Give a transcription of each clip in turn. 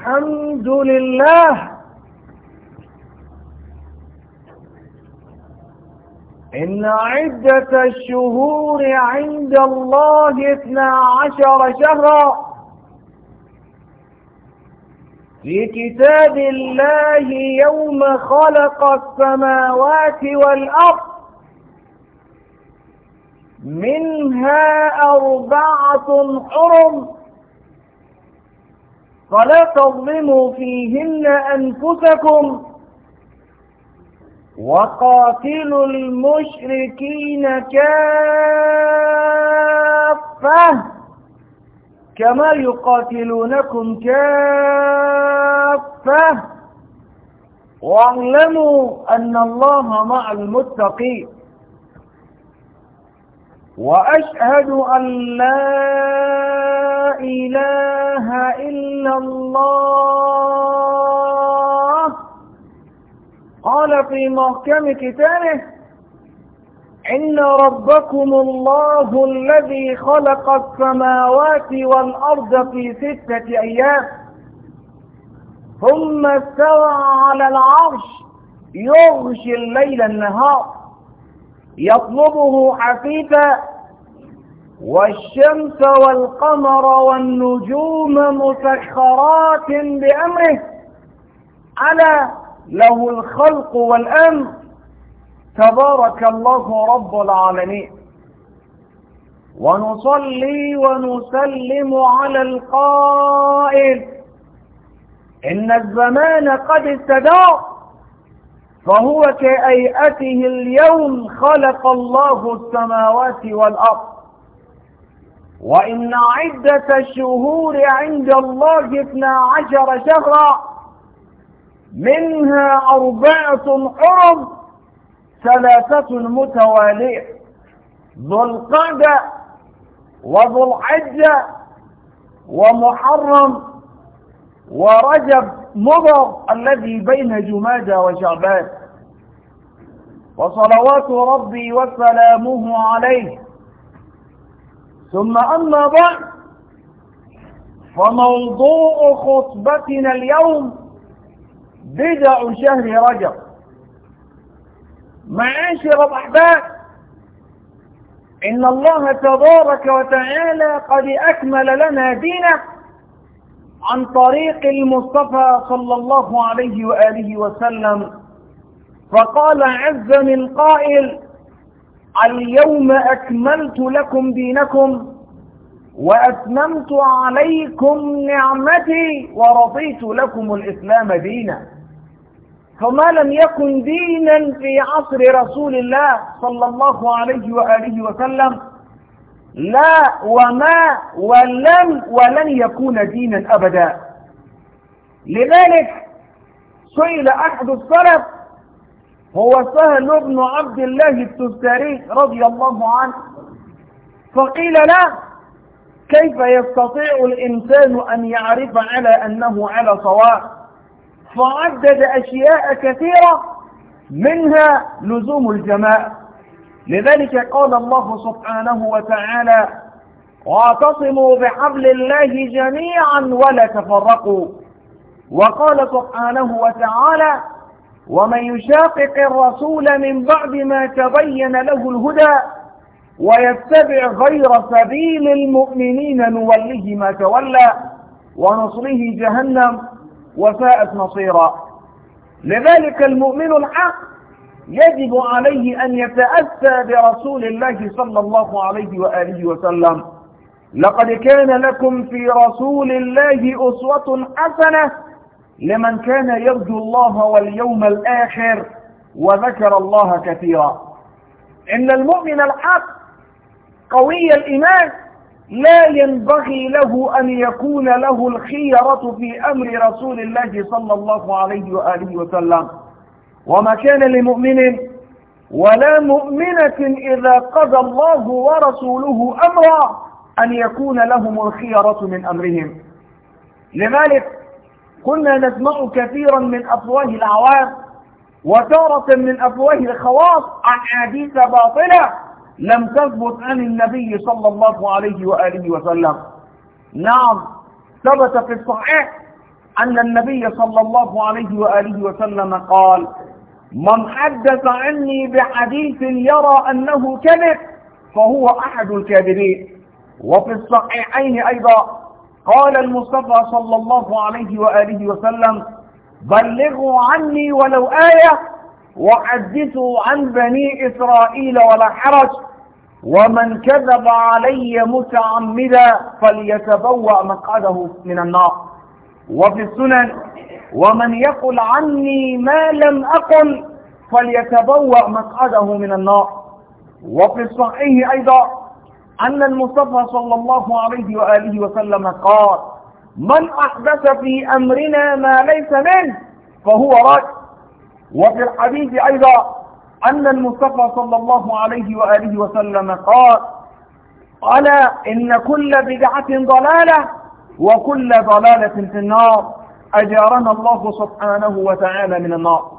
الحمد لله إن عدة الشهور عند الله اثنا عشر شهرا في كتاب الله يوم خلق السماوات والأرض منها أربعة حرم فلا تظلموا فيهن أنفسكم وقاتلوا المشركين كافة كما يقاتلونكم كافة واعلموا أن الله مع المتقين وأشهد أن لا إله إلا الله قال في محكم كتابه إن ربكم الله الذي خلق السماوات والأرض في ستة أيام ثم استوى على العرش يغشي الليل النهار يطلبه حثيثا والشمس والقمر والنجوم مسخرات بأمره على له الخلق والأمر تبارك الله رب العالمين ونصلي ونسلم على القائل إن الزمان قد استدار فهو كأيئته اليوم خلق الله السماوات والأرض وإن عدة الشهور عند الله اثنا عشر شهرا منها أربعة حرم ثلاثة متوالية ذو القعدة وذو الحجة ومحرم ورجب مضر الذي بين جمادى وشعبان وصلوات ربي وسلامه عليه ثم أما بعد فموضوع خطبتنا اليوم بدع شهر رجب معاشر الأحباب إن الله تبارك وتعالى قد أكمل لنا دينه عن طريق المصطفى صلى الله عليه وآله وسلم فقال عز من قائل اليوم أكملت لكم دينكم وأتممت عليكم نعمتي ورضيت لكم الإسلام دينا فما لم يكن دينا في عصر رسول الله صلى الله عليه وآله وسلم لا وما ولم ولن يكون دينا أبدا لذلك سئل أحد السلف هو سهل بن عبد الله التستري رضي الله عنه فقيل له كيف يستطيع الإنسان أن يعرف على أنه على صواب فعدد أشياء كثيرة منها لزوم الجماعة لذلك قال الله سبحانه وتعالى واعتصموا بحبل الله جميعا ولا تفرقوا وقال سبحانه وتعالى ومن يشاقق الرسول من بعد ما تبين له الهدى ويتبع غير سبيل المؤمنين نوله ما تولى ونصله جهنم وساءت مصيرا لذلك المؤمن الحق يجب عليه أن يتأسى برسول الله صلى الله عليه وآله وسلم لقد كان لكم في رسول الله أسوة حسنة لمن كان يرجو الله واليوم الآخر وذكر الله كثيرا إن المؤمن الحق قوي الإيمان لا ينبغي له أن يكون له الخيرة في أمر رسول الله صلى الله عليه وآله وسلم وما كان لمؤمن ولا مؤمنة إذا قضى الله ورسوله أمرا أن يكون لهم الخيرة من أمرهم لذلك كنا نسمع كثيرا من أفواه العوام وتارة من أفواه الخواص أحاديث باطلة لم تثبت عن النبي صلى الله عليه وآله وسلم نعم ثبت في الصحيح أن النبي صلى الله عليه وآله وسلم قال من حدث عني بحديث يرى أنه كذب فهو أحد الكاذبين وفي الصحيحين أيضا قال المصطفى صلى الله عليه وآله وسلم بلغوا عني ولو آية وحدثوا عن بني إسرائيل ولا حرج ومن كذب علي متعمدا فليتبوأ مقعده من النار وفي السنن ومن يقل عني ما لم أقل فليتبوأ مقعده من النار وفي الصحيح أيضا أن المصطفى صلى الله عليه وآله وسلم قال من أحدث في أمرنا ما ليس منه فهو رد وفي الحديث أيضا أن المصطفى صلى الله عليه وآله وسلم قال ألا إن كل بدعة ضلالة وكل ضلالة في النار أجارنا الله سبحانه وتعالى من النار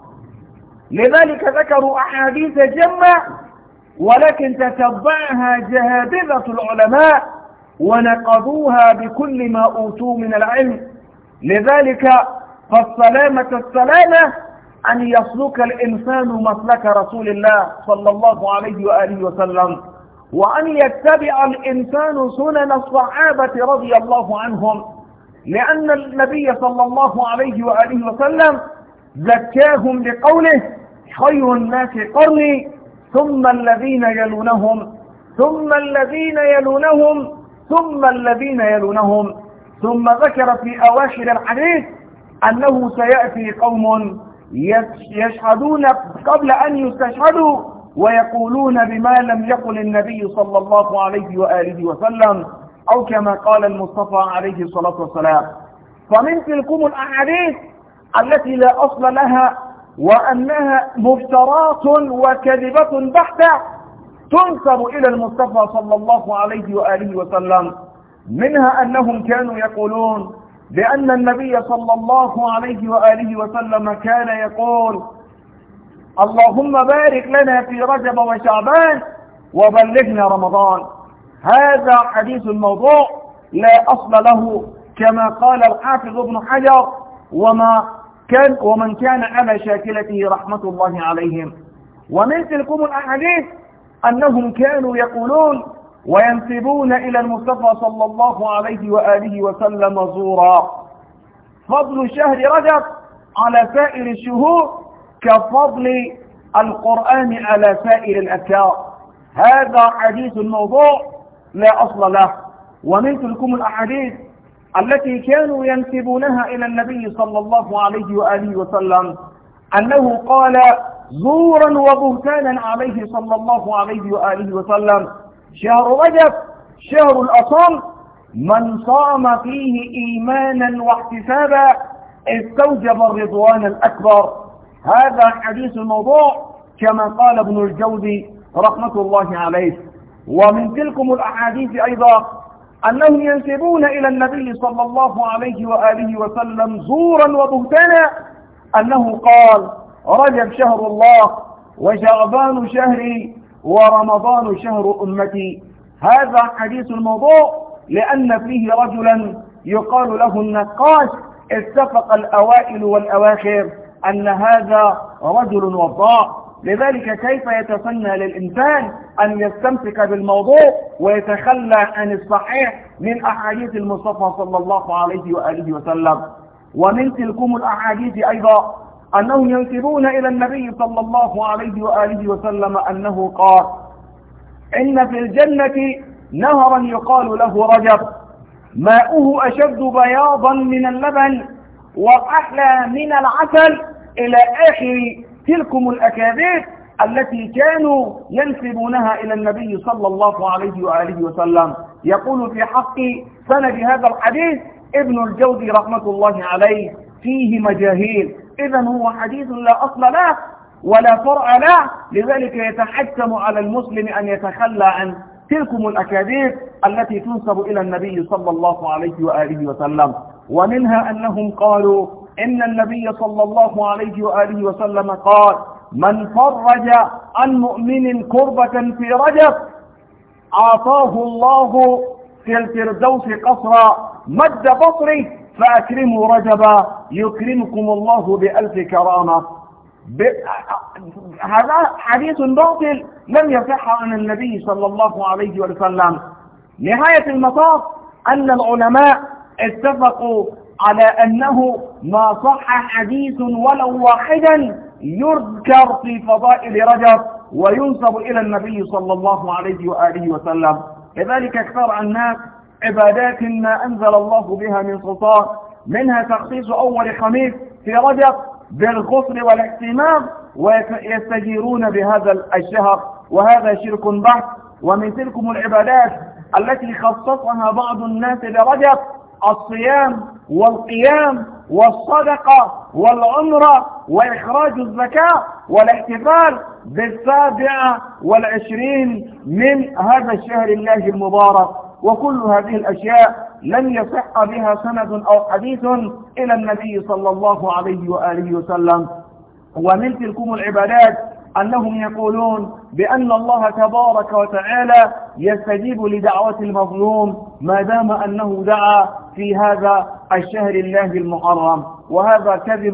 لذلك ذكروا أحاديث جمة ولكن تتبعها جهابذة العلماء ونقضوها بكل ما أوتوا من العلم لذلك فالسلامة السلامة أن يسلك الإنسان مسلك رسول الله صلى الله عليه وآله وسلم وأن يتبع الإنسان سنن الصحابة رضي الله عنهم لأن النبي صلى الله عليه وآله وسلم زكاهم لقوله خير الناس قرني ثم الذين يلونهم ثم الذين يلونهم ثم الذين يلونهم ثم ذكر في أواخر الحديث أنه سيأتي قوم يشهدون قبل أن يستشهدوا ويقولون بما لم يقل النبي صلى الله عليه وآله وسلم أو كما قال المصطفى عليه الصلاة والسلام فمن تلكم الأحاديث التي لا أصل لها وأنها مفترات وكذبة بحتة تنسب إلى المصطفى صلى الله عليه وآله وسلم منها أنهم كانوا يقولون لأن النبي صلى الله عليه وآله وسلم كان يقول اللهم بارك لنا في رجب وشعبان وبلغنا رمضان هذا حديث الموضوع لا أصل له كما قال الحافظ ابن حجر وما كان ومن كان على شاكلته رحمة الله عليهم ومن تلكم الأحاديث أنهم كانوا يقولون وينسبون إلى المصطفى صلى الله عليه وآله وسلم زورا فضل شهر رجب على سائر الشهور كفضل القرآن على سائر الأذكار هذا حديث الموضوع لا أصل له ومن تلكم الأحاديث التي كانوا ينسبونها إلى النبي صلى الله عليه وآله وسلم أنه قال زورا وبهتانا عليه صلى الله عليه وآله وسلم شهر رجب شهر الأصام من صام فيه إيمانا واحتسابا استوجب الرضوان الأكبر هذا حديث الموضوع كما قال ابن الجوزي رحمة الله عليه ومن تلكم الأحاديث أيضا أنهم ينسبون إلى النبي صلى الله عليه وآله وسلم زورا وبهتانا أنه قال رجب شهر الله وشعبان شهري ورمضان شهر أمتي هذا حديث الموضوع لأن فيه رجلا يقال له النقاش اتفق الأوائل والأواخر أن هذا رجل وضاع لذلك كيف يتسنى للإنسان أن يستمسك بالموضوع ويتخلى عن الصحيح من أحاديث المصطفى صلى الله عليه وآله وسلم ومن تلكم الأحاديث أيضا أنهم ينسبون إلى النبي صلى الله عليه وآله وسلم أنه قال إن في الجنة نهرا يقال له رجب ماؤه أشد بياضا من اللبن وأحلى من العسل إلى آخر تلكم الأكاذيب التي كانوا ينسبونها إلى النبي صلى الله عليه وآله وسلم يقول في حق سند هذا الحديث ابن الجوزي رحمة الله عليه فيه مجاهيل إذا هو حديث لا أصل له ولا فرع له لذلك يتحكم على المسلم أن يتخلى عن تلكم الأكاذيب التي تنسب إلى النبي صلى الله عليه وآله وسلم ومنها أنهم قالوا إن النبي صلى الله عليه وآله وسلم قال من فرج عن مؤمن كربة في رجب أعطاه الله في الفردوس قصرا مد بصره فأكرموا رجبا يكرمكم الله بألف كرامة ب... هذا حديث باطل لم يصح عن النبي صلى الله عليه وسلم نهاية المطاف أن العلماء اتفقوا على أنه ما صح حديث ولو واحدا يذكر في فضائل رجب وينسب إلى النبي صلى الله عليه وآله وسلم لذلك اكثر الناس عبادات ما أنزل الله بها من سلطان منها تخصيص أول خميس في رجب بالغسل والاهتمام ويستجيرون بهذا الشهر وهذا شرك بحث ومن تلكم العبادات التي خصصها بعض الناس لرجب الصيام والقيام والصدقة والعمرة وإخراج الزكاة والاحتفال بالسابعة والعشرين من هذا الشهر الله المبارك وكل هذه الأشياء لم يصح بها سند أو حديث إلى النبي صلى الله عليه وآله وسلم ومن تلكم العبادات أنهم يقولون بأن الله تبارك وتعالى يستجيب لدعوة المظلوم ما دام أنه دعا في هذا الشهر الله المحرم وهذا كذب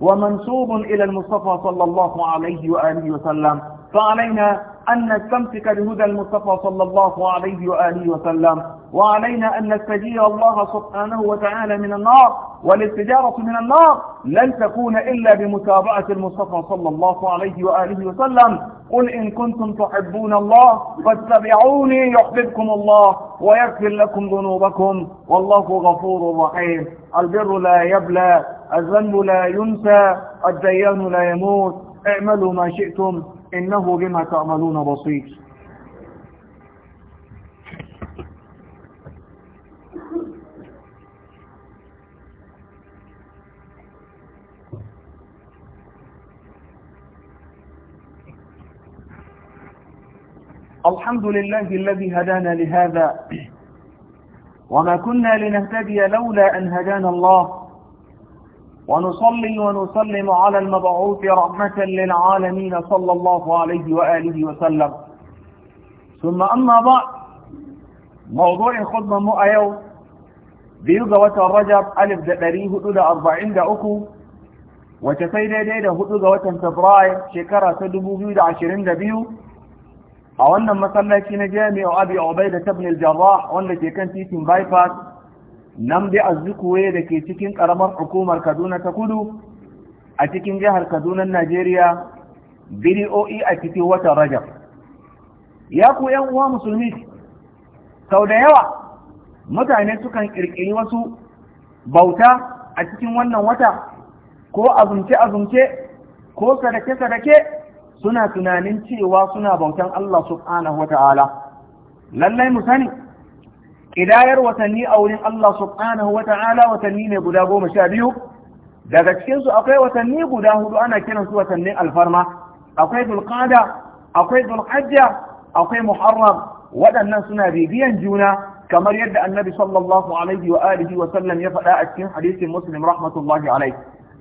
ومنسوب إلى المصطفى صلى الله عليه وآله وسلم فعلينا أن نستمسك بهدى المصطفى صلى الله عليه وآله وسلم وعلينا أن نستجير الله سبحانه وتعالى من النار والاستجارة من النار لن تكون إلا بمتابعة المصطفى صلى الله عليه وآله وسلم قل إن كنتم تحبون الله فاتبعوني يحببكم الله ويغفر لكم ذنوبكم والله غفور رحيم البر لا يبلى الذنب لا ينسى الديان لا يموت اعملوا ما شئتم إنه بما تعملون بصير الحمد لله الذي هدانا لهذا وما كنا لنهتدي لولا أن هدانا الله ونصلي ونسلم على المبعوث رحمة للعالمين صلى الله عليه وآله وسلم ثم أما بعد موضوع خدمة مؤيو بيوغا الرجب رجب ألف دقري هدود أربعين دقو وتسيد ديدة هدود تبراي فبراير شكرة تدبو بيود عشرين دبيو أولا مسلاكين جامع أبي عبيدة بن الجراح والتي كانت في بايفاس nan bi azzikuwe da ke cikin karamar hukumar kaduna ta kudu a cikin jihar kaduna najeriya bidiyo'i a cikin watan rajab ya ku yan uwa musulmi sau da yawa mutane sukan kirkiri wasu bauta a cikin wannan wata ko azumce-azumce ko sadake-sadake suna tunanin cewa suna bautan Allah subhanahu wa ta'ala lallai mu sani ƙidayar watanni a wurin Allah subhanahu wa ta'ala watanni ne guda goma sha biyu daga cikinsu akwai watanni guda hudu ana kiransu watannin alfarma akwai dulqada akwai dulhajja akwai muharram waɗannan suna bibiyan juna kamar yadda annabi sallallahu alaihi wa alihi wa sallam ya faɗa a cikin hadisin muslim rahmatullahi alaihi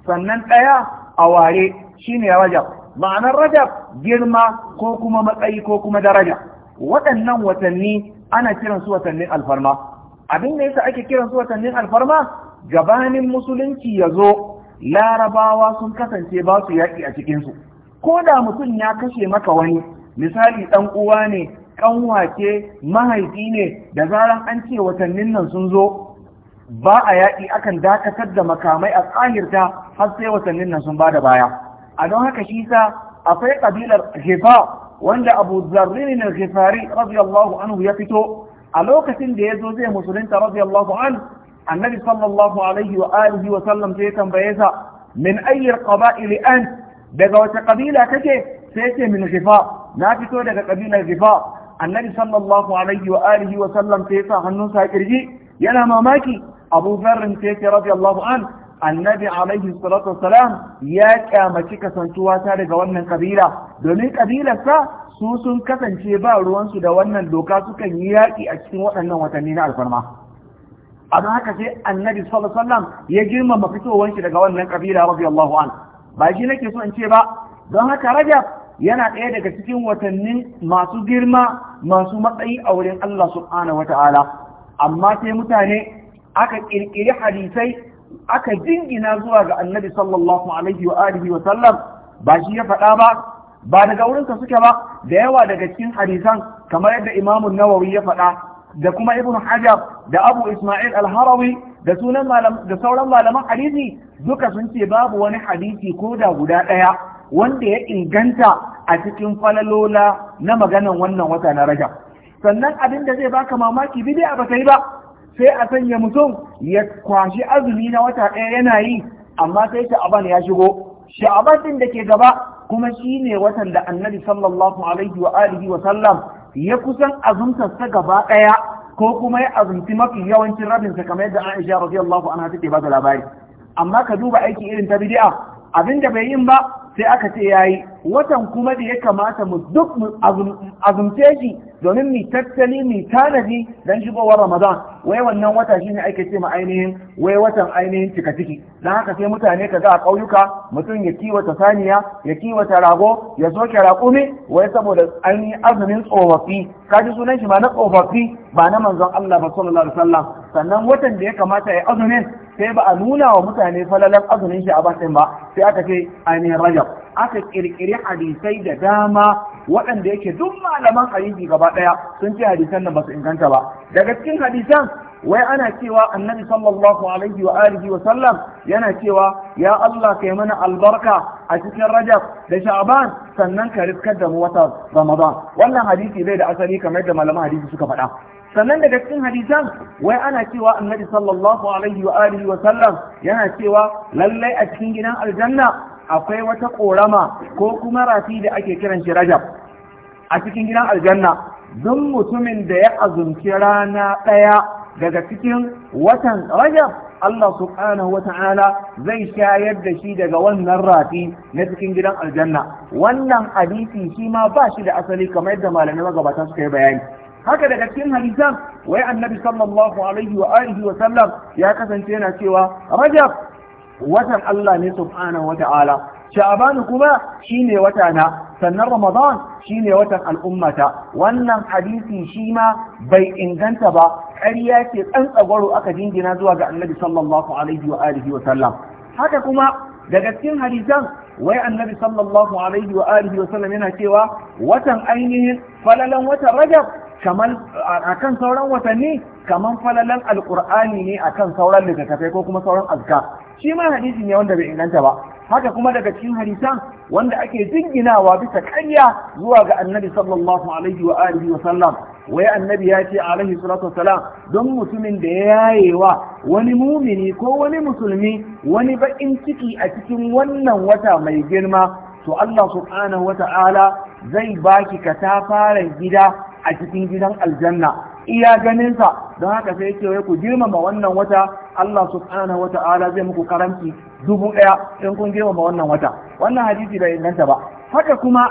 sannan ɗaya a ware shine rajab ma'anar rajab girma ko kuma matsayi ko kuma daraja waɗannan watanni ana kiran su watannin alfarma abin da yasa ake kiran su watannin alfarma gabanin musulunci ya zo larabawa sun kasance ba su yaƙi a cikinsu ko da mutum ya kashe maka wani misali ɗan uwa ne ƙanwa mahaifi ne da zaran an ce watannin nan sun zo ba a yaƙi akan dakatar da makamai a tsahirta har sai watannin nan sun ba da baya a don haka shi sa akwai ƙabilar hifa wanda abu zarrin al-ghifari radiyallahu anhu ya fito a lokacin da ya zo zai musulunta radiyallahu an annabi sallallahu alaihi wa alihi wa sallam sai tambaye sa min ayyir qaba'il an daga wata kabila kake sai ce min ghifa na fito daga kabilar ghifa annabi sallallahu alaihi wa alihi wa sallam sai sa hannunsa kirji yana mamaki abu zarrin sai ce radiyallahu an annabi alaihi salatu wassalam ya kyamaci kasantuwa ta daga wannan kabila domin kabilarsa su sun kasance ba ruwansu da wannan doka sukan yi yaƙi a cikin waɗannan watanni na alfarma abin haka sai annabi sallallahu alaihi wasallam ya girmama fitowar shi daga wannan kabila radiyallahu an ba shi nake so in ce ba don haka rajab yana ɗaya daga cikin watannin masu girma masu matsayi a wurin Allah subhanahu Ta'ala. amma sai mutane aka kirkiri hadisai aka jingina zuwa ga annabi sallallahu alaihi wa alihi wa sallam ba shi ya faɗa ba ba daga wurinsa suke ba da yawa daga cikin hadisan kamar yadda imamun nawawi ya faɗa da kuma ibn hajar da abu isma'il al-harawi da sunan malam da sauran malaman hadisi duka sun ce babu wani hadisi ko da guda ɗaya wanda ya inganta a cikin falalola na maganan wannan wata na rajab sannan abin da zai baka mamaki bid'a ba yi ba sai a sanya mutum ya kwashi azumi na wata ɗaya yana yi amma sai sha'aban ya shigo sha'aban din da ke gaba kuma shi ne watan da annabi sallallahu alaihi wa alihi wa sallam ya kusan azumtarsa gaba ɗaya ko kuma ya azumci mafi yawancin rabinsa kamar yadda Aisha radiyallahu anha take ba da labari amma ka duba aiki irin ta bid'a abinda bai yin ba sai aka ce ya yi, watan kuma da ya kamata mu duk azumce shi domin mu tattali mu tanadi don shigowa Ramadan wai wannan wata shine ake ce ma ainihin wai watan ainihin cika ciki dan haka sai mutane ka ga a ƙauyuka mutum ya kiwata saniya ya kiwata rago ya soke raƙumi wai saboda ainihin azumin tsofaffi ka ji sunan shi ma na tsofaffi ba na manzon Allah ba sallallahu alaihi wasallam sannan watan da ya kamata ya azumin sai ba a nuna wa mutane falalan azumin shi a basin ba sai aka ce ainihin rajab aka kirkiri hadisai da dama waɗanda yake duk malaman hadisi gaba ɗaya sun ce hadisan nan ba su inganta ba daga cikin hadisan wai ana cewa annabi sallallahu alaihi wa alihi wa sallam yana cewa ya Allah kai mana albarka a cikin Rajab da Sha'ban sannan ka riskar da mu watan Ramadan wannan hadisi bai da asali kamar yadda malaman hadisi suka faɗa sannan daga cikin hadisan wai ana cewa annabi sallallahu alaihi wa alihi wa sallam yana cewa lallai a cikin gidan aljanna akwai wata korama ko kuma rafi da ake kiran shi rajab a cikin gidan aljanna don mutumin da ya azumci rana ɗaya daga cikin watan rajab Allah subhanahu wa ta'ala zai shayar da shi daga wannan rafi na cikin gidan aljanna wannan hadisi shi ma ba shi da asali kamar yadda malamai magabata suka yi bayani haka daga cikin hadisan wai annabi sallallahu alaihi wa alihi wa sallam ya kasance yana cewa rajab watan Allah ne subhanahu wata'ala sha'ban kuma shine wata na sannan ramadan shine watan al'ummata wannan hadisi shi ma bai inganta ba ƙarya ce tsagwaro aka jingina zuwa ga annabi sallallahu alaihi wa alihi wa sallam haka kuma daga cikin hadisan wai annabi sallallahu alaihi wa alihi wa sallam yana cewa watan ainihin falalan watan rajab kamar akan sauran watanni kamar falalan Alƙur'ani ne akan sauran littattafai ko kuma sauran azka shi ma hadisi ne wanda bai inganta ba haka kuma daga cikin hadisan wanda ake jinginawa bisa karya zuwa ga annabi sallallahu alaihi wa alihi wa sallam wai annabi ya ce alaihi salatu wasalam don mutumin da ya yayewa wani mumini ko wani musulmi wani bakin ciki a cikin wannan wata mai girma to Allah subhanahu ta'ala zai baki katafaren gida a cikin gidan aljanna iya ganinsa don haka sai yake wai ku girmama wannan wata Allah subhanahu wa zai muku karanci dubu ɗaya in kun girmama wannan wata wannan hadisi bai inganta ba haka kuma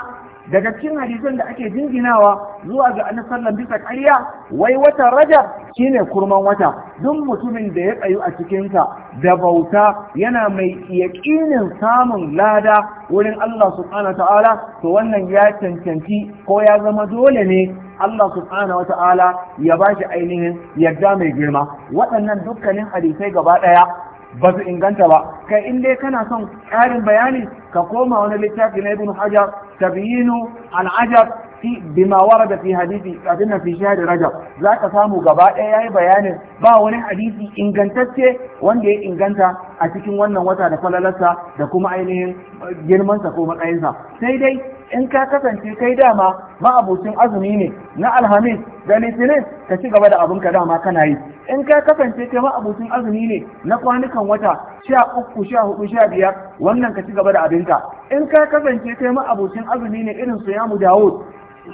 daga cikin hadisan da ake jinginawa zuwa ga annabi sallan bisa ƙarya wai wata rajab shine kurman wata duk mutumin da ya tsayu a cikinsa da bauta yana mai yaƙinin samun lada wurin Allah subhanahu wa to wannan ya cancanci ko ya zama dole ne Allah subhanahu wata'ala ya ba shi ainihin yadda mai girma waɗannan dukkanin hadisai gaba ɗaya ba su inganta ba kai in dai kana son ƙarin bayani ka koma wani littafi na ibn hajar tabyinu al-ajab fi bima warada fi hadisi abin fi shahr rajab zaka samu gaba ɗaya yayi bayanin ba wani hadisi ingantacce wanda ya inganta a cikin wannan wata da falalarsa da kuma ainihin girmansa ko matsayinsa sai dai in ka kasance kai dama ma'abucin azumi ne na alhamis da litinin ka ci gaba da abin ka dama kana yi in ka kasance kai ma'abucin azumi ne na kwanukan wata sha uku sha hudu sha biyar wannan ka ci gaba da abinka in ka kasance kai ma'abucin azumi ne irin su yamu dawud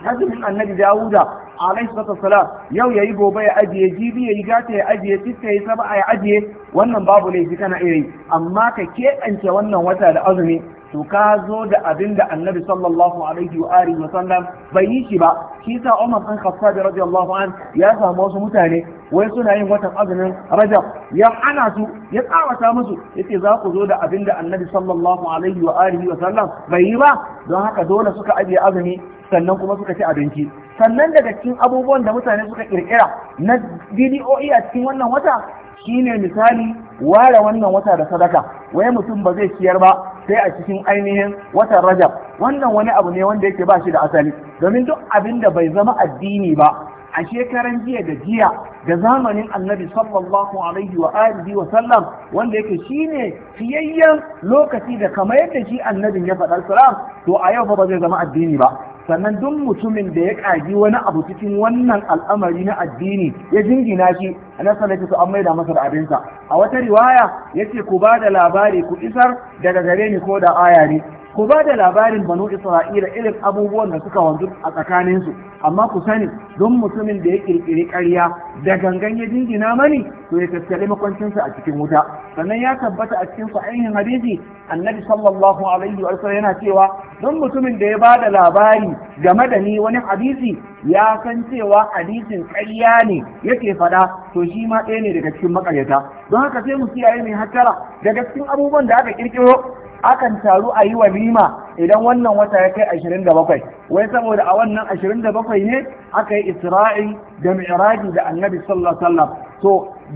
azumin annabi dawuda alaihi salatu wasalam yau yayi gobe ya ajiye jibi yayi gata ya ajiye titta yayi saba ya ajiye wannan babu laifi kana iri. amma ka keɓance wannan wata da azumi to ka zo da abin da annabi sallallahu alaihi wa alihi wa sallam bai yi shi ba shi sa Umar bin Khattab radiyallahu an ya samu wasu mutane wai suna yin watan azumin Rajab ya ana su ya tsawata musu yace za ku zo da abin da annabi sallallahu alaihi wa alihi wa sallam bai yi ba don haka dole suka ajiye azumi sannan kuma suka ci abinci sannan daga cikin abubuwan da mutane suka kirkira na DDOE a cikin wannan wata shine misali ware wannan wata da sadaka wai mutum ba zai ciyar ba sai a cikin ainihin watan rajab wannan wani abu ne wanda yake ba shi da asali domin duk abin da bai zama addini ba a shekaran jiya da jiya da zamanin annabi sallallahu alaihi wa alihi wa sallam wanda yake shine fiyayyen lokaci da kamar yadda shi annabin ya faɗa salam to a yau fa ba zai zama addini ba sannan duk mutumin da ya ƙagi wani abu cikin wannan al'amari na addini ya jingina shi a nan sanar su an maida masa da abinsa a wata riwaya ya ce ku ba da labari ku isar daga gare ni ko da aya ne ku ba da labarin banu isra'ila irin abubuwan da suka wanzu a tsakaninsu amma ku sani don mutumin da ya kirkiri ƙarya da gangan ya jingina mani to ya tattali makwancinsa a cikin wuta sannan ya tabbata a cikin ainihin hadisi annabi sallallahu alaihi wa sallam yana cewa don mutumin da ya ba da labari game da ni wani hadisi ya san cewa hadisin ƙarya ne yake faɗa to shi ma ɗaya ne daga cikin makaryata don haka sai mu kiyaye mai hattara daga cikin abubuwan da aka kirkiro akan taru a yi walima idan wannan wata ya kai 27 wai saboda a wannan 27 ne aka yi isra'i da mi'raji da annabi sallallahu alaihi wasallam to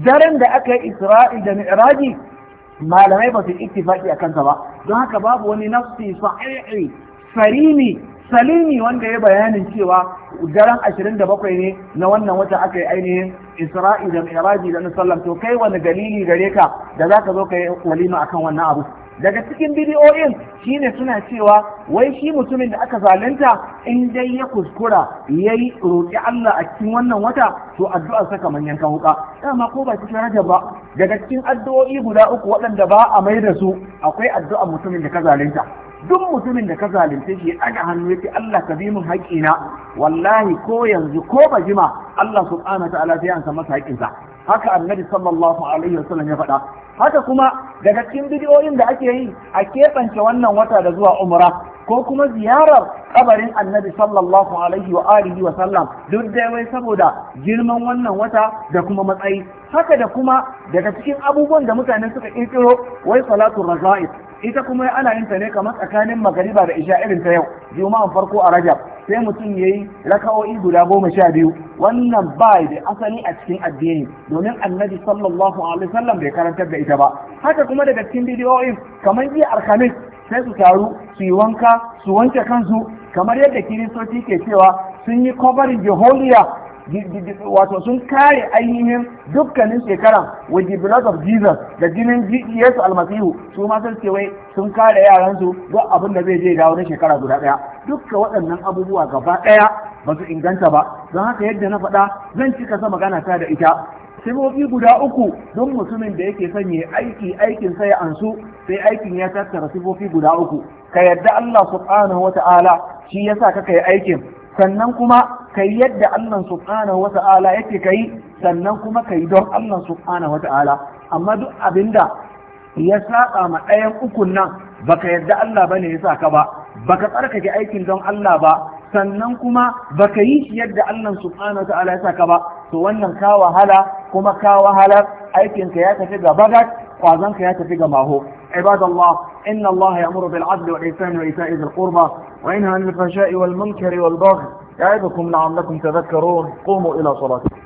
daren da aka yi isra'i da mi'raji malamai ba su ittifaqi a ta ba don haka babu wani nafsi sahihi sarimi salimi wanda ya bayanin cewa daren 27 ne na wannan wata aka yi ainihin isra'i da mi'raji da sallam to kai wani dalili gare ka da za ka zo ka yi walima akan wannan abu daga cikin bidiyoyin shine suna cewa wai shi mutumin da aka zalunta in dai ya kuskura yayi roƙi Allah a cikin wannan wata to addu'ar sa manyan yankan wuka dama ko ba cikin rajab ba daga cikin addu'o'i guda uku waɗanda ba a mai da su akwai addu'ar mutumin da ka zalunta duk mutumin da ka zalunce shi ɗaga hannu yake Allah ka bi min haƙƙina wallahi ko yanzu ko ba jima Allah subhanahu wa ta'ala sai an san masa haƙƙinsa haka annabi sallallahu alaihi wasallam ya faɗa haka kuma daga cikin bidiyoyin da ake yi a keɓance wannan wata da zuwa umra ko kuma ziyarar kabarin annabi sallallahu alaihi wa alihi wa sallam duk da wai saboda girman wannan wata da kuma matsayi haka da kuma daga cikin abubuwan da mutane suka kirkiro wai salatu raza'id ita kuma ana yin ta ne kamar tsakanin magariba da isha irin ta yau juma'an farko a rajab sai mutum ya yi raka'o'i guda goma sha biyu wannan ba da asali a cikin addini domin annabi sallallahu alaihi wasallam bai karantar da ita ba haka kuma daga cikin bidiyoyin kamar jiya alhamis sai su taru su yi wanka su wanke kansu kamar yadda kiristoci ke cewa sun yi kofarin jeholiya wato sun kare ainihin dukkanin shekaran with the blood of Jesus da jinin Yesu almasihu su ma sun sun kare yaransu don abin da zai je dawo na shekara guda ɗaya dukkan waɗannan abubuwa gaba ɗaya ba su inganta ba don haka yadda na faɗa zan cika sa magana ta da ita sifofi guda uku don mutumin da yake son ya aiki aikin sai ya ansu sai aikin ya tattara sifofi guda uku ka yadda Allah subhanahu wa ta'ala shi yasa kaka yi aikin sannan kuma kai yadda Allah subhanahu wa ta'ala yake kai sannan kuma kai don Allah subhanahu wa ta'ala amma duk abinda ya saba ma ɗayan ukun nan baka yadda Allah bane ya saka ba baka tsarkake aikin don Allah ba sannan kuma baka yi shi yadda Allah subhanahu wa ta'ala ya saka ba to wannan ka wahala kuma ka aikin aikinka ya tafi ga bagat قازنك يا تفيق ما هو عباد الله إن الله يأمر بالعدل والإحسان وإيتاء ذي القربى وينهى عن الفحشاء والمنكر والبغي يعيبكم لعلكم تذكرون قوموا إلى صلاتكم